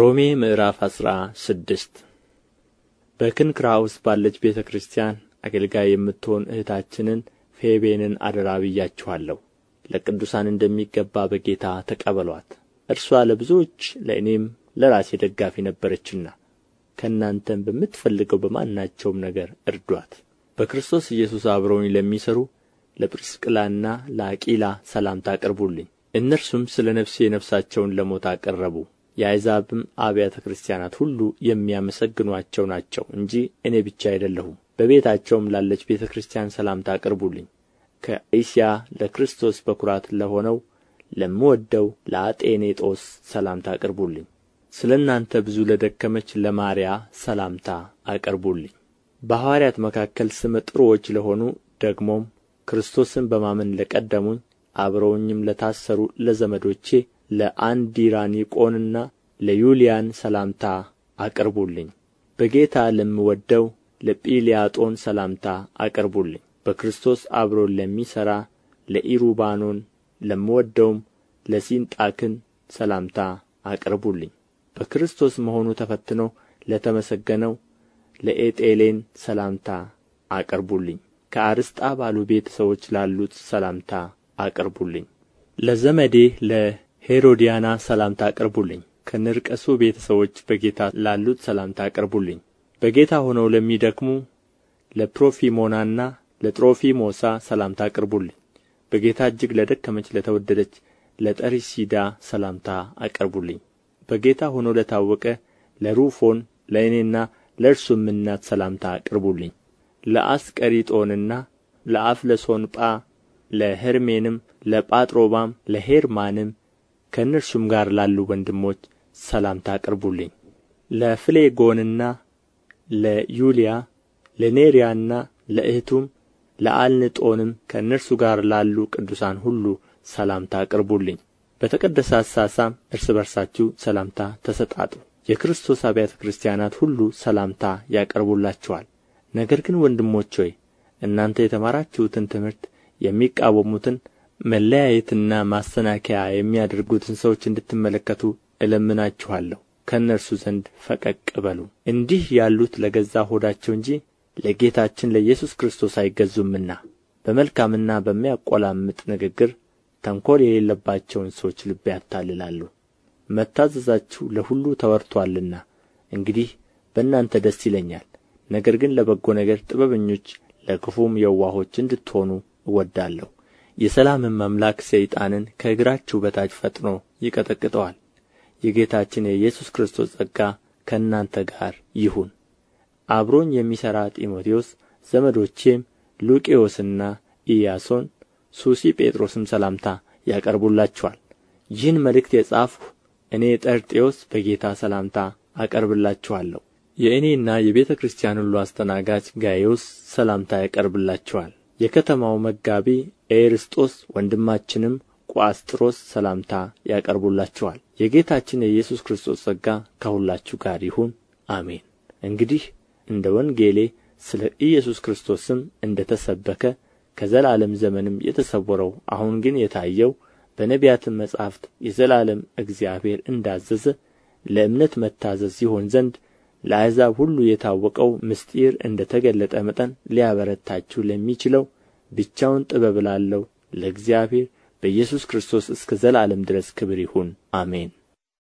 ሮሜ ምዕራፍ አስራ ስድስት በክንክራ ውስጥ ባለች ቤተ ክርስቲያን አገልጋይ የምትሆን እህታችንን ፌቤንን አደራ ብያችኋለሁ። ለቅዱሳን እንደሚገባ በጌታ ተቀበሏት። እርሷ ለብዙዎች ለእኔም ለራሴ ደጋፊ ነበረችና ከእናንተም በምትፈልገው በማናቸውም ነገር እርዷት። በክርስቶስ ኢየሱስ አብረውኝ ለሚሰሩ ለጵርስቅላና ለአቂላ ሰላምታ አቅርቡልኝ። እነርሱም ስለ ነፍሴ ነፍሳቸውን ለሞት አቀረቡ። የአሕዛብም አብያተ ክርስቲያናት ሁሉ የሚያመሰግኑአቸው ናቸው እንጂ እኔ ብቻ አይደለሁም በቤታቸውም ላለች ቤተ ክርስቲያን ሰላምታ አቅርቡልኝ ከእስያ ለክርስቶስ በኩራት ለሆነው ለምወደው ለአጤኔጦስ ሰላምታ አቅርቡልኝ ስለ እናንተ ብዙ ለደከመች ለማርያ ሰላምታ አቅርቡልኝ በሐዋርያት መካከል ስመ ጥሩዎች ለሆኑ ደግሞም ክርስቶስን በማመን ለቀደሙኝ አብረውኝም ለታሰሩ ለዘመዶቼ ለአንዲራኒቆንና ለዩልያን ሰላምታ አቅርቡልኝ በጌታ ለምወደው ለጲልያጦን ሰላምታ አቅርቡልኝ በክርስቶስ አብሮን ለሚሠራ ለኢሩባኖን ለምወደውም ለሲንጣክን ሰላምታ አቅርቡልኝ በክርስቶስ መሆኑ ተፈትኖ ለተመሰገነው ለኤጤሌን ሰላምታ አቅርቡልኝ ባሉ ቤተ ሰዎች ላሉት ሰላምታ አቅርቡልኝ ለዘመዴ ሄሮድያና ሰላምታ አቅርቡልኝ ከንርቀሱ ቤተ ሰዎች በጌታ ላሉት ሰላምታ አቅርቡልኝ በጌታ ሆነው ለሚደክሙ ለፕሮፊሞናና ለጥሮፊሞሳ ሰላምታ አቅርቡልኝ በጌታ እጅግ ለደከመች ለተወደደች ለጠሪሲዳ ሰላምታ አቅርቡልኝ በጌታ ሆኖ ለታወቀ ለሩፎን ለእኔና ለእርሱም እናት ሰላምታ አቅርቡልኝ ለአስቀሪጦንና ለአፍለሶንጳ ለሄርሜንም ለጳጥሮባም ለሄርማንም ከእነርሱም ጋር ላሉ ወንድሞች ሰላምታ አቅርቡልኝ ለፍሌጎንና ለዩልያ ለኔርያና ለእህቱም ለአልንጦንም ከእነርሱ ጋር ላሉ ቅዱሳን ሁሉ ሰላምታ አቅርቡልኝ በተቀደሰ አሳሳም እርስ በርሳችሁ ሰላምታ ተሰጣጡ የክርስቶስ አብያተ ክርስቲያናት ሁሉ ሰላምታ ያቀርቡላችኋል ነገር ግን ወንድሞች ሆይ እናንተ የተማራችሁትን ትምህርት የሚቃወሙትን መለያየትና ማሰናከያ የሚያደርጉትን ሰዎች እንድትመለከቱ እለምናችኋለሁ ከእነርሱ ዘንድ ፈቀቅ በሉ እንዲህ ያሉት ለገዛ ሆዳቸው እንጂ ለጌታችን ለኢየሱስ ክርስቶስ አይገዙምና በመልካምና በሚያቆላምጥ ንግግር ተንኮል የሌለባቸውን ሰዎች ልብ ያታልላሉ መታዘዛችሁ ለሁሉ ተወርቶአልና እንግዲህ በእናንተ ደስ ይለኛል ነገር ግን ለበጎ ነገር ጥበበኞች ለክፉም የዋሆች እንድትሆኑ እወዳለሁ የሰላምም አምላክ ሰይጣንን ከእግራችሁ በታች ፈጥኖ ይቀጠቅጠዋል የጌታችን የኢየሱስ ክርስቶስ ጸጋ ከእናንተ ጋር ይሁን አብሮኝ የሚሠራ ጢሞቴዎስ ዘመዶቼም ሉቂዮስና ኢያሶን ሱሲ ጴጥሮስም ሰላምታ ያቀርቡላችኋል ይህን መልእክት የጻፍሁ እኔ ጠርጤዎስ በጌታ ሰላምታ አቀርብላችኋለሁ የእኔና የቤተ ክርስቲያን ሁሉ አስተናጋጅ ጋይዮስ ሰላምታ ያቀርብላችኋል የከተማው መጋቢ ኤርስጦስ ወንድማችንም ቋስጥሮስ ሰላምታ ያቀርቡላችኋል የጌታችን የኢየሱስ ክርስቶስ ጸጋ ከሁላችሁ ጋር ይሁን አሜን እንግዲህ እንደ ወንጌሌ ስለ ኢየሱስ ክርስቶስም እንደ ተሰበከ ከዘላለም ዘመንም የተሰወረው አሁን ግን የታየው በነቢያትም መጻሕፍት የዘላለም እግዚአብሔር እንዳዘዘ ለእምነት መታዘዝ ይሆን ዘንድ ለአሕዛብ ሁሉ የታወቀው ምስጢር እንደ ተገለጠ መጠን ሊያበረታችሁ ለሚችለው ብቻውን ጥበብ ላለው ለእግዚአብሔር በኢየሱስ ክርስቶስ እስከ ዘላለም ድረስ ክብር ይሁን አሜን